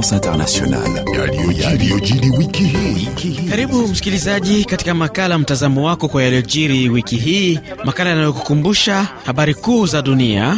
France Internationale. Yaliyojiri wiki hii. Karibu msikilizaji katika makala mtazamo wako kwa yaliyojiri wiki hii, makala yanayokukumbusha habari kuu za dunia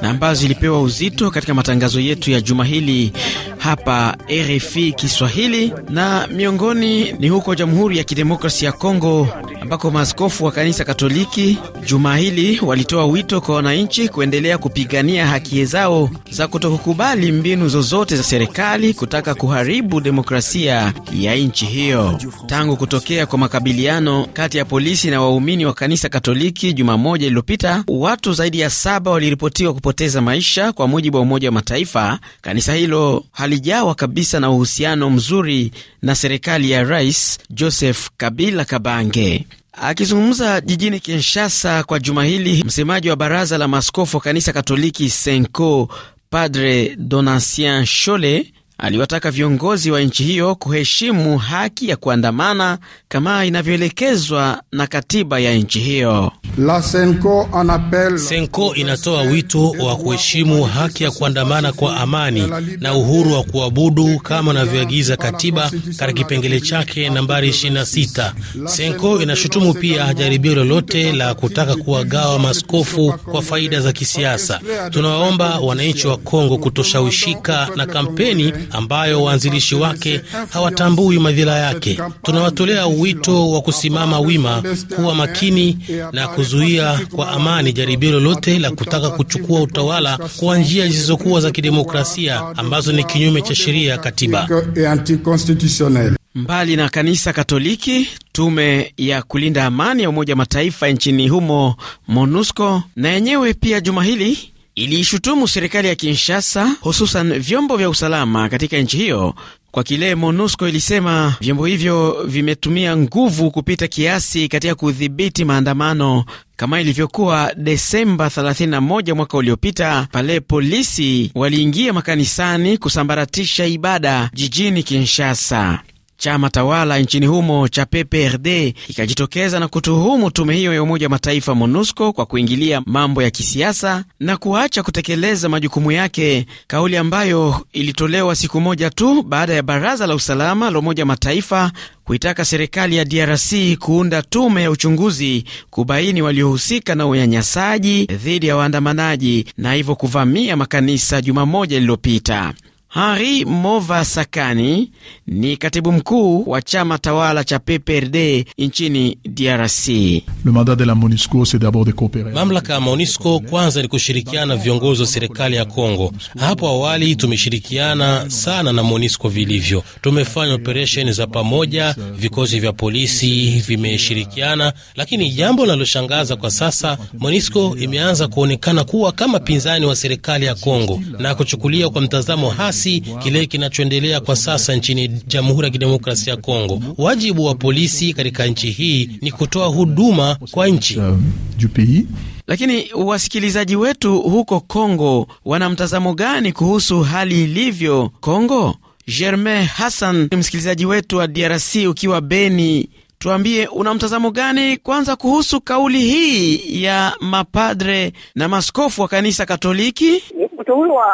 na ambazo zilipewa uzito katika matangazo yetu ya juma hili hapa RFI Kiswahili, na miongoni ni huko Jamhuri ya Kidemokrasia ya Kongo ambako maaskofu wa kanisa Katoliki juma hili walitoa wito kwa wananchi kuendelea kupigania haki zao za kutokukubali mbinu zozote za serikali kutaka kuharibu demokrasia ya nchi hiyo. Tangu kutokea kwa makabiliano kati ya polisi na waumini wa kanisa Katoliki juma moja iliyopita, watu zaidi ya saba waliripotiwa kupoteza maisha, kwa mujibu wa Umoja wa Mataifa. Kanisa hilo halijawa kabisa na uhusiano mzuri na serikali ya Rais Joseph Kabila Kabange. Akizungumza jijini Kinshasa kwa juma hili, msemaji wa baraza la maskofu wa kanisa Katoliki Senko Padre Donatien chole aliwataka viongozi wa nchi hiyo kuheshimu haki ya kuandamana kama inavyoelekezwa na katiba ya nchi hiyo. Senko inatoa wito wa kuheshimu haki ya kuandamana kwa amani na uhuru wa kuabudu kama anavyoagiza katiba katika kipengele chake nambari 26. Senko inashutumu pia jaribio lolote la kutaka kuwagawa maskofu kwa faida za kisiasa. Tunawaomba wananchi wa Kongo kutoshawishika na kampeni ambayo waanzilishi wake hawatambui madhila yake. Tunawatolea wito wa kusimama wima, kuwa makini na kuzuia kwa amani jaribio lolote la kutaka kuchukua utawala kwa njia zisizokuwa za kidemokrasia ambazo ni kinyume cha sheria ya katiba. Mbali na kanisa Katoliki, tume ya kulinda amani ya Umoja wa Mataifa nchini humo MONUSCO na yenyewe pia juma hili iliishutumu serikali ya Kinshasa, hususan vyombo vya usalama katika nchi hiyo kwa kile MONUSCO ilisema vyombo hivyo vimetumia nguvu kupita kiasi katika kudhibiti maandamano kama ilivyokuwa Desemba 31 mwaka uliopita, pale polisi waliingia makanisani kusambaratisha ibada jijini Kinshasa. Chama tawala nchini humo cha PPRD kikajitokeza na kutuhumu tume hiyo ya Umoja wa Mataifa MONUSCO kwa kuingilia mambo ya kisiasa na kuacha kutekeleza majukumu yake, kauli ambayo ilitolewa siku moja tu baada ya Baraza la Usalama la Umoja wa Mataifa kuitaka serikali ya DRC kuunda tume ya uchunguzi kubaini waliohusika na unyanyasaji dhidi ya waandamanaji na hivyo kuvamia makanisa juma moja lililopita. Henri Mova Sakani ni katibu mkuu wa chama tawala cha PPRD nchini DRC. Mamlaka ya MONUSCO kwanza ni kushirikiana na viongozi wa serikali ya Kongo. Hapo awali tumeshirikiana sana na MONUSCO vilivyo, tumefanya operesheni za pamoja, vikosi vya polisi vimeshirikiana, lakini jambo linaloshangaza kwa sasa, MONUSCO imeanza kuonekana kuwa kama pinzani wa serikali ya Kongo na kuchukulia kwa mtazamo hasi polisi kile kinachoendelea kwa sasa nchini Jamhuri ya Kidemokrasia ya Kongo. Wajibu wa polisi katika nchi hii ni kutoa huduma kwa nchi. Lakini wasikilizaji wetu huko Kongo wana mtazamo gani kuhusu hali ilivyo Kongo? Germain Hassan, msikilizaji wetu wa DRC ukiwa Beni, tuambie una mtazamo gani kwanza kuhusu kauli hii ya mapadre na maskofu wa kanisa Katoliki? huyu wa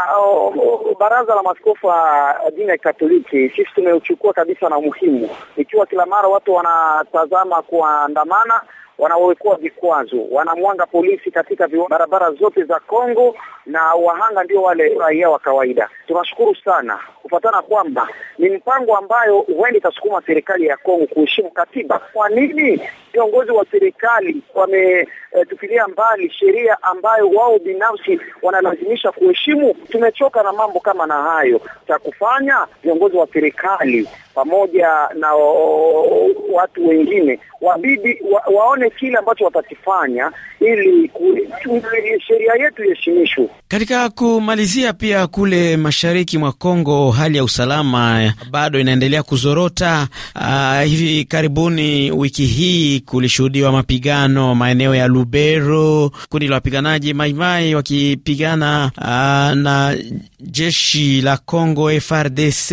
baraza la maskofu wa dini ya Katoliki sisi tumeuchukua kabisa na umuhimu, ikiwa kila mara watu wanatazama kuandamana wanaowekewa vikwazo, wanamwanga polisi katika barabara zote za Kongo, na wahanga ndio wale raia wa kawaida. Tunashukuru sana kupatana kwamba ni mpango ambayo huenda itasukuma serikali ya Kongo kuheshimu katiba. Kwa nini viongozi wa serikali wametupilia mbali sheria ambayo wao binafsi wanalazimisha kuheshimu? Tumechoka na mambo kama na hayo. Cha kufanya viongozi wa serikali pamoja na o, watu wengine wabidi wa, waone kile ambacho watakifanya ili sheria yetu iheshimishwe. Katika kumalizia, pia kule mashariki mwa Kongo hali ya usalama bado inaendelea kuzorota. Uh, hivi karibuni wiki hii kulishuhudiwa mapigano maeneo ya Lubero, kundi la wapiganaji Maimai wakipigana uh, na jeshi la Kongo FARDC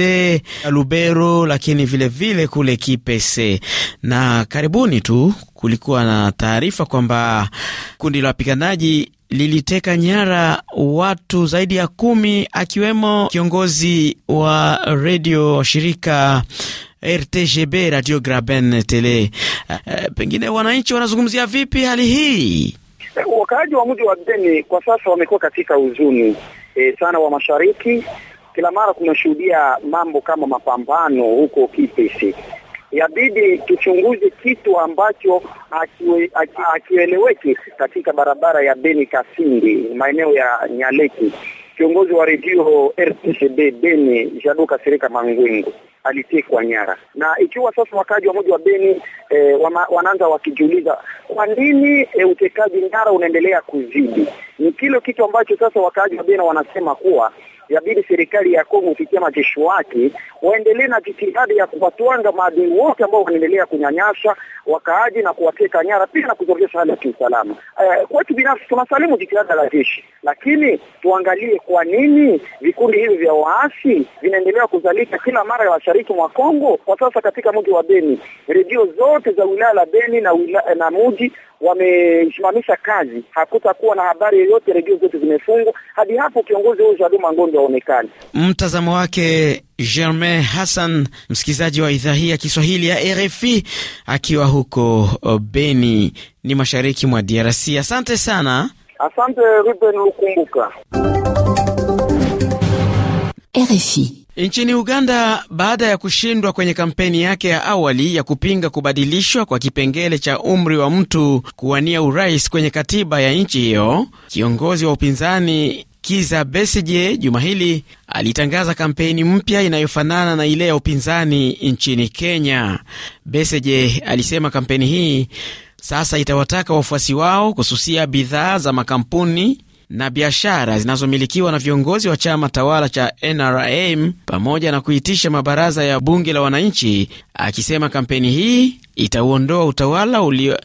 Lubero lakini vilevile vile kule Kipese. Na karibuni tu kulikuwa na taarifa kwamba kundi la wapiganaji liliteka nyara watu zaidi ya kumi akiwemo kiongozi wa redio wa shirika RTGB Radio Graben Tele. E, pengine wananchi wanazungumzia vipi hali hii? Wakaaji wa mji wa Beni kwa sasa wamekuwa katika huzuni e, sana wa mashariki kila mara tunashuhudia mambo kama mapambano huko kpc Yabidi tuchunguze kitu ambacho akieleweki katika barabara ya Beni Kasindi, maeneo ya Nyaleki. Kiongozi wa redio RTCB Beni Jado Kasereka Mangwengo alitekwa nyara, na ikiwa sasa wakaji wa mji wa Beni e, wanaanza wakijiuliza kwa nini e, utekaji nyara unaendelea kuzidi. Ni kile kitu ambacho sasa wakaji wa Beni wanasema kuwa yabidi serikali ya Kongo kupitia majeshi wake waendelee na jitihada ya kuwatwanga maadui wote ambao wanaendelea kunyanyasa wakaaji na kuwateka nyara, pia na kuzorotesha hali ya kiusalama. Uh, kwetu binafsi tunasalimu jitihada la jeshi, lakini tuangalie kwa nini vikundi hivi vya waasi vinaendelea kuzalika kila mara ya washariki mwa Kongo. Kwa sasa katika mji wa Beni, redio zote za wilaya la Beni na, na mji wamesimamisha kazi, hakutakuwa na habari yoyote, redio zote zimefungwa hadi hapo kiongozi huyo Jaduma Mangondo aonekane. Mtazamo wake Germain Hassan, msikilizaji wa idhaa hii ya Kiswahili ya RFI akiwa huko uh, Beni, ni mashariki mwa DRC. Asante sana. Asante Ruben Lukumbuka, RFI. Nchini Uganda, baada ya kushindwa kwenye kampeni yake ya awali ya kupinga kubadilishwa kwa kipengele cha umri wa mtu kuwania urais kwenye katiba ya nchi hiyo, kiongozi wa upinzani Kiza Besije juma hili alitangaza kampeni mpya inayofanana na ile ya upinzani nchini Kenya. Besije alisema kampeni hii sasa itawataka wafuasi wao kususia bidhaa za makampuni na biashara zinazomilikiwa na viongozi wa chama tawala cha NRM pamoja na kuitisha mabaraza ya bunge la wananchi, akisema kampeni hii itauondoa utawala ulio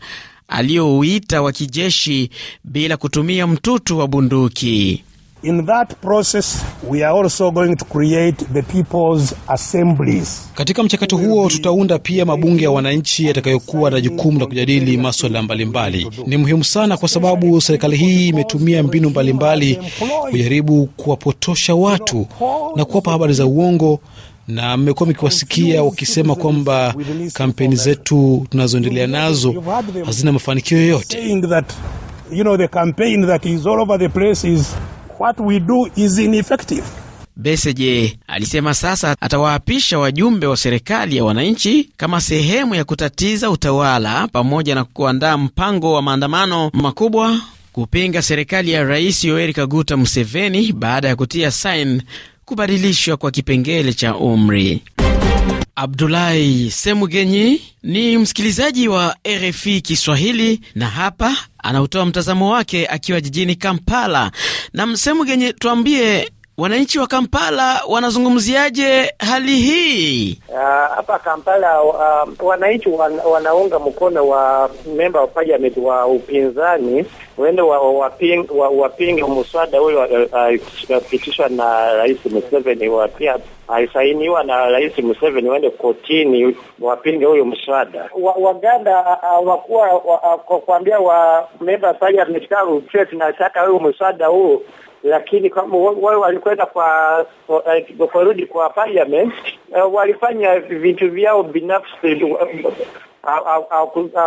aliouita wa kijeshi bila kutumia mtutu wa bunduki. In that process, we are also going to create the people's assemblies. Katika mchakato huo tutaunda pia mabunge ya wananchi yatakayokuwa na jukumu la kujadili maswala mbalimbali. Ni muhimu sana kwa sababu serikali hii imetumia mbinu mbalimbali kujaribu kuwapotosha watu na kuwapa habari za uongo na mmekuwa mkiwasikia wakisema kwamba kampeni zetu tunazoendelea nazo hazina mafanikio yoyote. What we do is ineffective. Beseje alisema sasa atawaapisha wajumbe wa serikali ya wananchi kama sehemu ya kutatiza utawala pamoja na kuandaa mpango wa maandamano makubwa kupinga serikali ya Rais Yoweri Kaguta Museveni baada ya kutia saini kubadilishwa kwa kipengele cha umri. Abdulahi Semugenyi ni msikilizaji wa RFI Kiswahili na hapa anautoa mtazamo wake akiwa jijini Kampala. Na Msemugenyi, tuambie Wananchi wa Kampala wanazungumziaje hali hii? Ah, hapa uh, Kampala uh, wananchi wan, wanaunga mkono wa memba wa parliament wa upinzani wende wapinge wa, wa, wa, mswada huyo apitishwa uh, uh, na Rais Museveni wa pia aisainiwa na Rais Museveni waende kotini wapinge huyo mswada. Waganda wa uh, uh, wakuwa uh, uh kuambia wa memba wa parliament na nataka huyo mswada huo lakini wao walikwenda kwa eh, kurudi kwa parliament eh, walifanya vitu vyao binafsi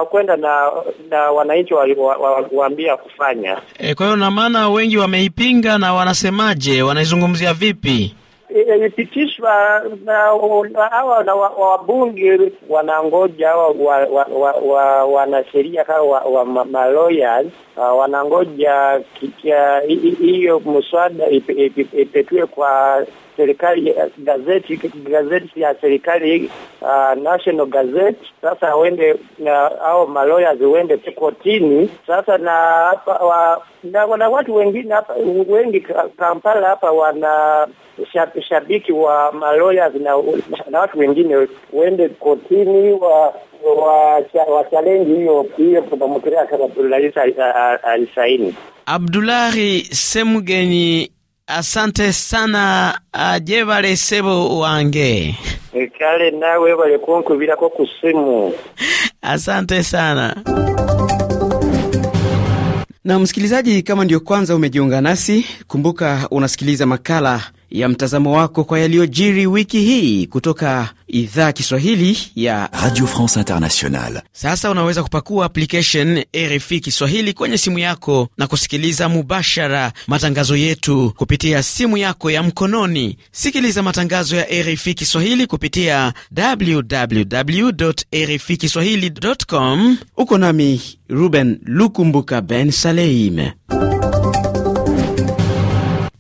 kwenda na na wananchi waliwaambia kufanya. E, kwa hiyo na maana wengi wameipinga na wanasemaje, wanaizungumzia vipi? imepitishwa na hawa na wabunge wanangoja wa wanasheria wa, wa maloyers ah, wanangoja ah, hiyo mswada ipetwe kwa serikali gazeti gazeti ya serikali uh, National Gazette. Sasa wende uh, au maloyers wende kotini sasa, na hapa wa, na, na watu wengine hapa wengi Kampala hapa wana shabiki wa maloya na, na watu wengine uende kotini wa challenge hiyo hiyo kutamkiria kama Abdullahi alisaini. Abdulahi Semugenyi, asante sana ajebale sebo wange ikale e, nawe balikunkubirako kusimu. Asante sana na msikilizaji, kama ndiyo kwanza umejiunga nasi, kumbuka unasikiliza makala ya mtazamo wako kwa yaliyojiri wiki hii kutoka idhaa Kiswahili ya Radio France Internationale. Sasa unaweza kupakua application RFI Kiswahili kwenye simu yako na kusikiliza mubashara matangazo yetu kupitia simu yako ya mkononi. Sikiliza matangazo ya RFI Kiswahili kupitia www RFI Kiswahili com. Uko nami Ruben Lukumbuka Ben saleime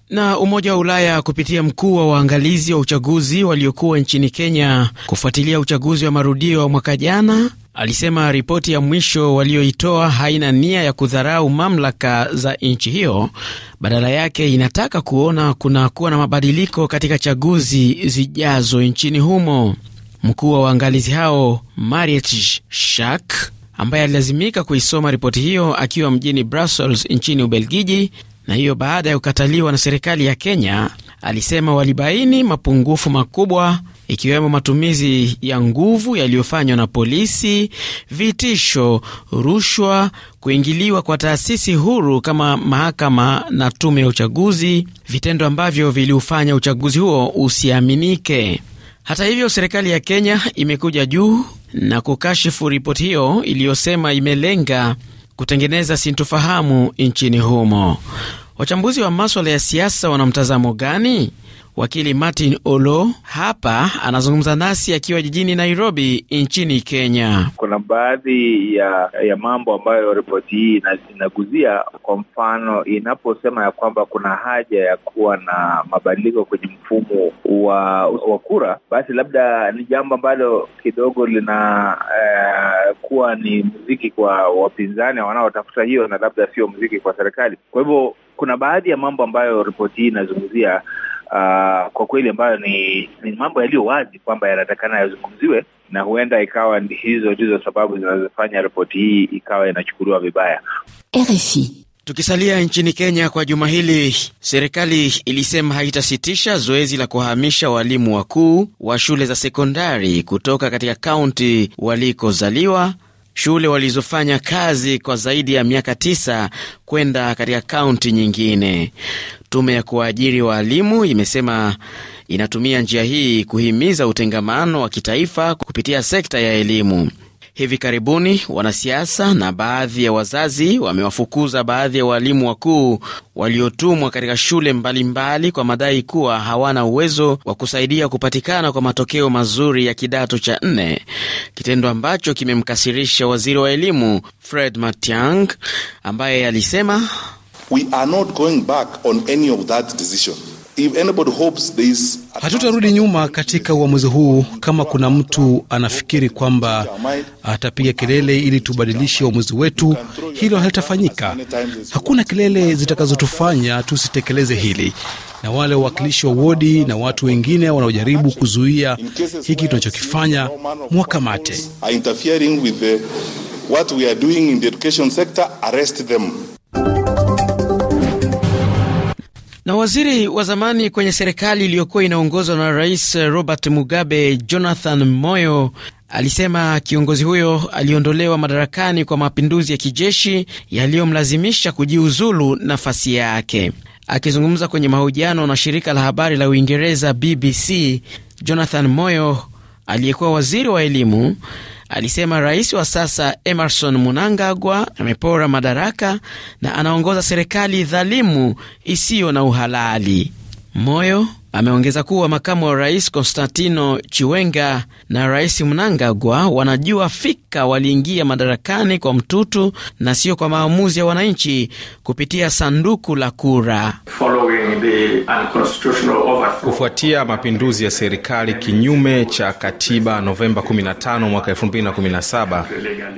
na Umoja wa Ulaya kupitia mkuu wa waangalizi wa uchaguzi waliokuwa nchini Kenya kufuatilia uchaguzi wa marudio wa mwaka jana alisema ripoti ya mwisho walioitoa haina nia ya kudharau mamlaka za nchi hiyo, badala yake inataka kuona kuna kuwa na mabadiliko katika chaguzi zijazo nchini humo. Mkuu wa waangalizi hao Mariet Shak ambaye alilazimika kuisoma ripoti hiyo akiwa mjini Brussels nchini Ubelgiji na hiyo baada ya kukataliwa na serikali ya Kenya. Alisema walibaini mapungufu makubwa ikiwemo matumizi ya nguvu yaliyofanywa na polisi, vitisho, rushwa, kuingiliwa kwa taasisi huru kama mahakama na tume ya uchaguzi, vitendo ambavyo viliufanya uchaguzi huo usiaminike. Hata hivyo, serikali ya Kenya imekuja juu na kukashifu ripoti hiyo iliyosema imelenga kutengeneza sintofahamu nchini humo. Wachambuzi wa maswala ya siasa wana mtazamo gani? Wakili Martin Olo hapa anazungumza nasi akiwa jijini Nairobi nchini Kenya. Kuna baadhi ya ya mambo ambayo ripoti hii inaguzia. Kwa mfano, inaposema ya kwamba kuna haja ya kuwa na mabadiliko kwenye mfumo wa, wa kura, basi labda ni jambo ambalo kidogo lina eh, kuwa ni mziki kwa wapinzani wanaotafuta hiyo, na labda sio muziki kwa serikali. Kwa hivyo kuna baadhi ya mambo ambayo ripoti hii inazungumzia uh, kwa kweli ambayo ni, ni mambo yaliyo wazi kwamba yanatakana yazungumziwe, na huenda ikawa hizo ndizo sababu zinazofanya ripoti hii ikawa inachukuliwa vibaya. RFI. Tukisalia nchini Kenya kwa juma hili, serikali ilisema haitasitisha zoezi la kuhamisha walimu wakuu wa shule za sekondari kutoka katika kaunti walikozaliwa, shule walizofanya kazi kwa zaidi ya miaka tisa kwenda katika kaunti nyingine. Tume ya kuwaajiri waalimu imesema inatumia njia hii kuhimiza utengamano wa kitaifa kupitia sekta ya elimu. Hivi karibuni wanasiasa na baadhi ya wazazi wamewafukuza baadhi ya waalimu wakuu waliotumwa katika shule mbalimbali mbali kwa madai kuwa hawana uwezo wa kusaidia kupatikana kwa matokeo mazuri ya kidato cha nne, kitendo ambacho kimemkasirisha waziri wa elimu Fred Matiang'i ambaye alisema Hatutarudi nyuma katika uamuzi huu. Kama kuna mtu anafikiri kwamba atapiga kelele ili tubadilishe uamuzi wetu, hilo halitafanyika. Hakuna kelele zitakazotufanya tusitekeleze hili. Na wale wawakilishi wa wodi na watu wengine wanaojaribu kuzuia hiki tunachokifanya, mwakamate. Na waziri wa zamani kwenye serikali iliyokuwa inaongozwa na Rais Robert Mugabe, Jonathan Moyo alisema kiongozi huyo aliondolewa madarakani kwa mapinduzi ya kijeshi yaliyomlazimisha kujiuzulu nafasi yake. Akizungumza kwenye mahojiano na shirika la habari la Uingereza BBC, Jonathan Moyo aliyekuwa waziri wa elimu Alisema rais wa sasa Emerson Mnangagwa amepora madaraka na anaongoza serikali dhalimu isiyo na uhalali. Moyo Ameongeza kuwa makamu wa rais Konstantino Chiwenga na rais Mnangagwa wanajua fika waliingia madarakani kwa mtutu na sio kwa maamuzi ya wananchi kupitia sanduku la kura. Kufuatia mapinduzi ya serikali kinyume cha katiba Novemba 15 mwaka 2017,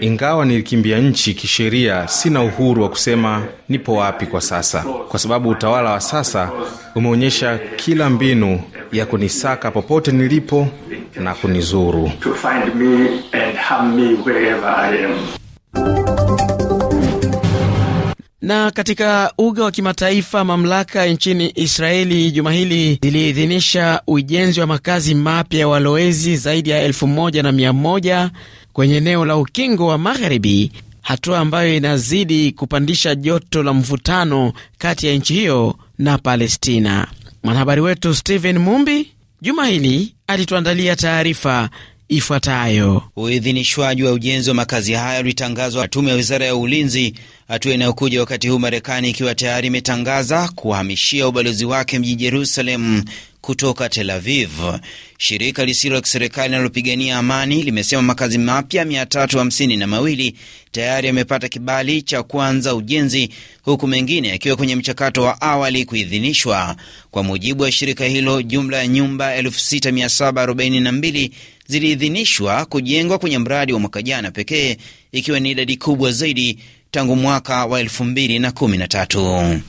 ingawa nilikimbia nchi kisheria, sina uhuru wa kusema nipo wapi kwa sasa, kwa sababu utawala wa sasa umeonyesha kila mbinu ya kunisaka popote nilipo na kunizuru. Na katika uga wa kimataifa, mamlaka nchini Israeli juma hili ziliidhinisha ujenzi wa makazi mapya ya walowezi zaidi ya 11 kwenye eneo la ukingo wa Magharibi, hatua ambayo inazidi kupandisha joto la mvutano kati ya nchi hiyo na Palestina. Mwanahabari wetu Stephen Mumbi juma hili alituandalia taarifa ifuatayo. Uidhinishwaji wa ujenzi wa makazi hayo ulitangazwa na tume ya wizara ya ulinzi, hatua inayokuja wakati huu Marekani ikiwa tayari imetangaza kuhamishia ubalozi wake mjini Jerusalem kutoka Tel Aviv. Shirika lisilo la kiserikali linalopigania amani limesema makazi mapya 352 tayari yamepata kibali cha kuanza ujenzi, huku mengine yakiwa kwenye mchakato wa awali kuidhinishwa. Kwa mujibu wa shirika hilo, jumla ya nyumba 6742 ziliidhinishwa kujengwa kwenye mradi wa mwaka jana pekee, ikiwa ni idadi kubwa zaidi tangu mwaka wa 2013.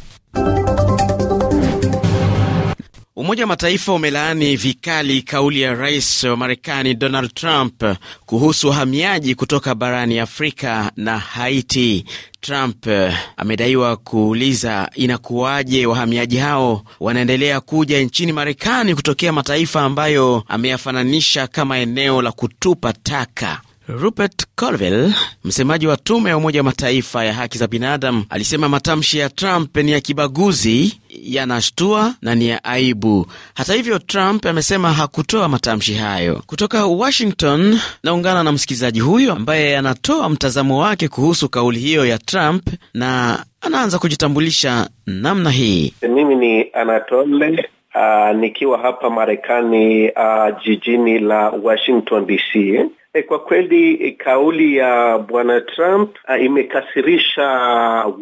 Umoja wa Mataifa umelaani vikali kauli ya rais wa Marekani Donald Trump kuhusu uhamiaji kutoka barani Afrika na Haiti. Trump eh, amedaiwa kuuliza inakuwaje wahamiaji hao wanaendelea kuja nchini Marekani kutokea mataifa ambayo ameyafananisha kama eneo la kutupa taka. Rupert Colville, msemaji wa tume ya Umoja wa Mataifa ya haki za binadamu, alisema matamshi ya Trump ni ya kibaguzi, yanashtua na ni ya aibu. Hata hivyo, Trump amesema hakutoa matamshi hayo. Kutoka Washington naungana na msikilizaji huyo ambaye anatoa mtazamo wake kuhusu kauli hiyo ya Trump na anaanza kujitambulisha namna hii. Mimi ni Anatole uh, nikiwa hapa Marekani uh, jijini la Washington DC. E, kwa kweli e, kauli ya bwana Trump a, eh, imekasirisha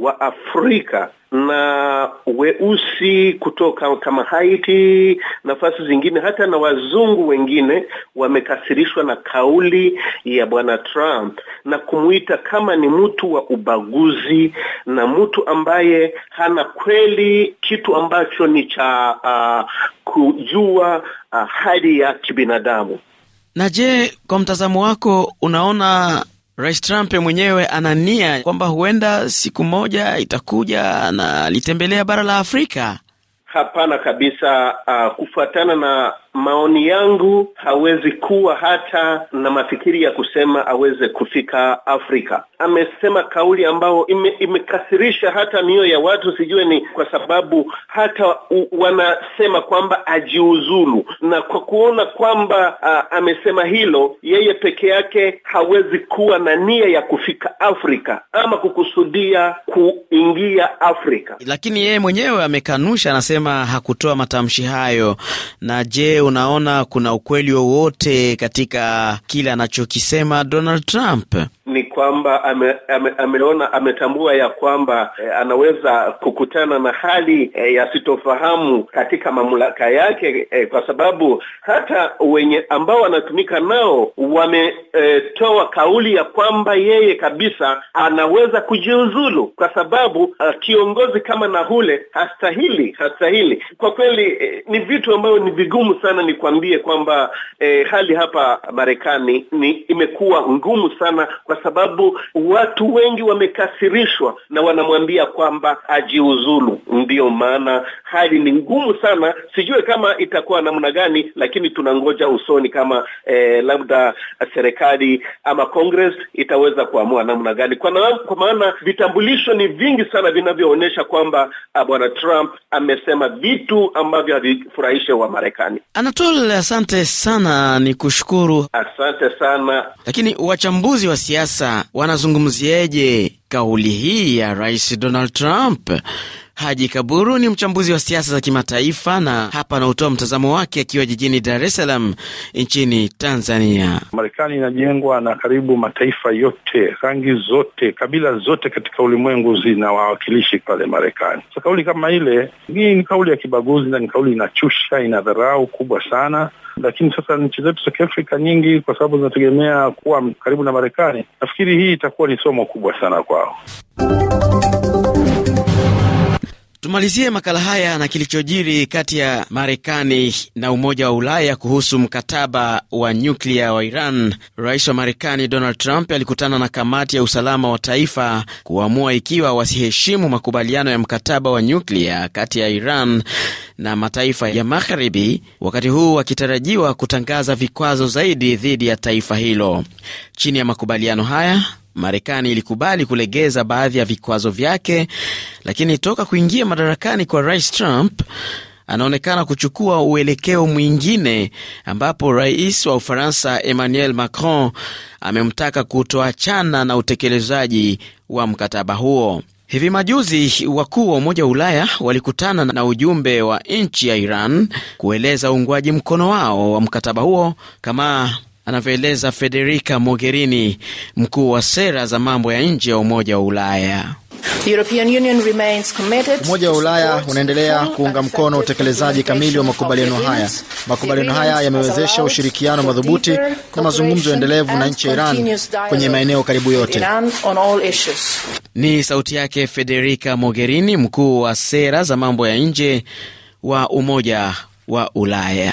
Waafrika na weusi kutoka kama Haiti, nafasi zingine, hata na wazungu wengine wamekasirishwa na kauli ya bwana Trump na kumuita kama ni mtu wa ubaguzi na mtu ambaye hana kweli, kitu ambacho ni cha uh, kujua uh, hali ya kibinadamu. Na je, kwa mtazamo wako unaona Rais Trump mwenyewe ana nia kwamba huenda siku moja itakuja na litembelea bara la Afrika? Hapana kabisa. Uh, kufuatana na maoni yangu hawezi kuwa hata na mafikiri ya kusema aweze kufika Afrika. Amesema kauli ambayo ime, imekasirisha hata mioyo ya watu, sijue ni kwa sababu hata u, wanasema kwamba ajiuzulu, na kwa kuona kwamba a, amesema hilo, yeye peke yake hawezi kuwa na nia ya kufika Afrika ama kukusudia kuingia Afrika, lakini yeye mwenyewe amekanusha, anasema hakutoa matamshi hayo. Na je unaona kuna ukweli wowote katika kile anachokisema Donald Trump? Ni kwamba ame, ame, ameona ametambua ya kwamba eh, anaweza kukutana na hali eh, ya sitofahamu katika mamlaka yake eh, kwa sababu hata wenye ambao wanatumika nao wametoa eh, kauli ya kwamba yeye kabisa anaweza kujiuzulu kwa sababu uh, kiongozi kama na hule hastahili hastahili. Kwa kweli eh, ni vitu ambavyo ni vigumu sana sana nikwambie kwamba eh, hali hapa Marekani ni imekuwa ngumu sana, kwa sababu watu wengi wamekasirishwa na wanamwambia kwamba ajiuzulu. Ndiyo maana hali ni ngumu sana, sijue kama itakuwa namna gani, lakini tunangoja usoni kama eh, labda serikali ama Congress itaweza kuamua namna gani, kwa, na, kwa maana vitambulisho ni vingi sana vinavyoonyesha kwamba ah, bwana Trump amesema vitu ambavyo havifurahishe wa Marekani. Anatol, asante sana, ni kushukuru. Asante sana. Lakini wachambuzi wa siasa wanazungumziaje kauli hii ya Rais Donald Trump. Haji Kaburu ni mchambuzi wa siasa za kimataifa na hapa anautoa mtazamo wake akiwa jijini Dar es Salaam nchini Tanzania. Marekani inajengwa na karibu mataifa yote, rangi zote, kabila zote katika ulimwengu zina wawakilishi pale Marekani. Sa kauli kama ile, hii ni kauli ya kibaguzi na ni kauli inachusha, ina dharau kubwa sana lakini sasa nchi zetu za Kiafrika nyingi, kwa sababu zinategemea kuwa karibu na Marekani, nafikiri hii itakuwa ni somo kubwa sana kwa kwao. Tumalizie makala haya na kilichojiri kati ya Marekani na Umoja wa Ulaya kuhusu mkataba wa nyuklia wa Iran. Rais wa Marekani Donald Trump alikutana na kamati ya usalama wa taifa kuamua ikiwa wasiheshimu makubaliano ya mkataba wa nyuklia kati ya Iran na mataifa ya Magharibi, wakati huu wakitarajiwa kutangaza vikwazo zaidi dhidi ya taifa hilo. Chini ya makubaliano haya Marekani ilikubali kulegeza baadhi ya vikwazo vyake, lakini toka kuingia madarakani kwa Rais Trump anaonekana kuchukua uelekeo mwingine ambapo rais wa Ufaransa Emmanuel Macron amemtaka kutoachana na utekelezaji wa mkataba huo. Hivi majuzi wakuu wa Umoja wa Ulaya walikutana na ujumbe wa nchi ya Iran kueleza uungwaji mkono wao wa mkataba huo kama anavyoeleza Federica Mogherini, mkuu wa sera za mambo ya nje ya Umoja wa Ulaya. Umoja wa Ulaya unaendelea kuunga mkono utekelezaji kamili wa makubaliano haya. Makubaliano haya yamewezesha ushirikiano madhubuti na mazungumzo endelevu na nchi ya Iran kwenye maeneo karibu yote. Ni sauti yake Federica Mogherini, mkuu wa sera za mambo ya nje wa Umoja wa Ulaya.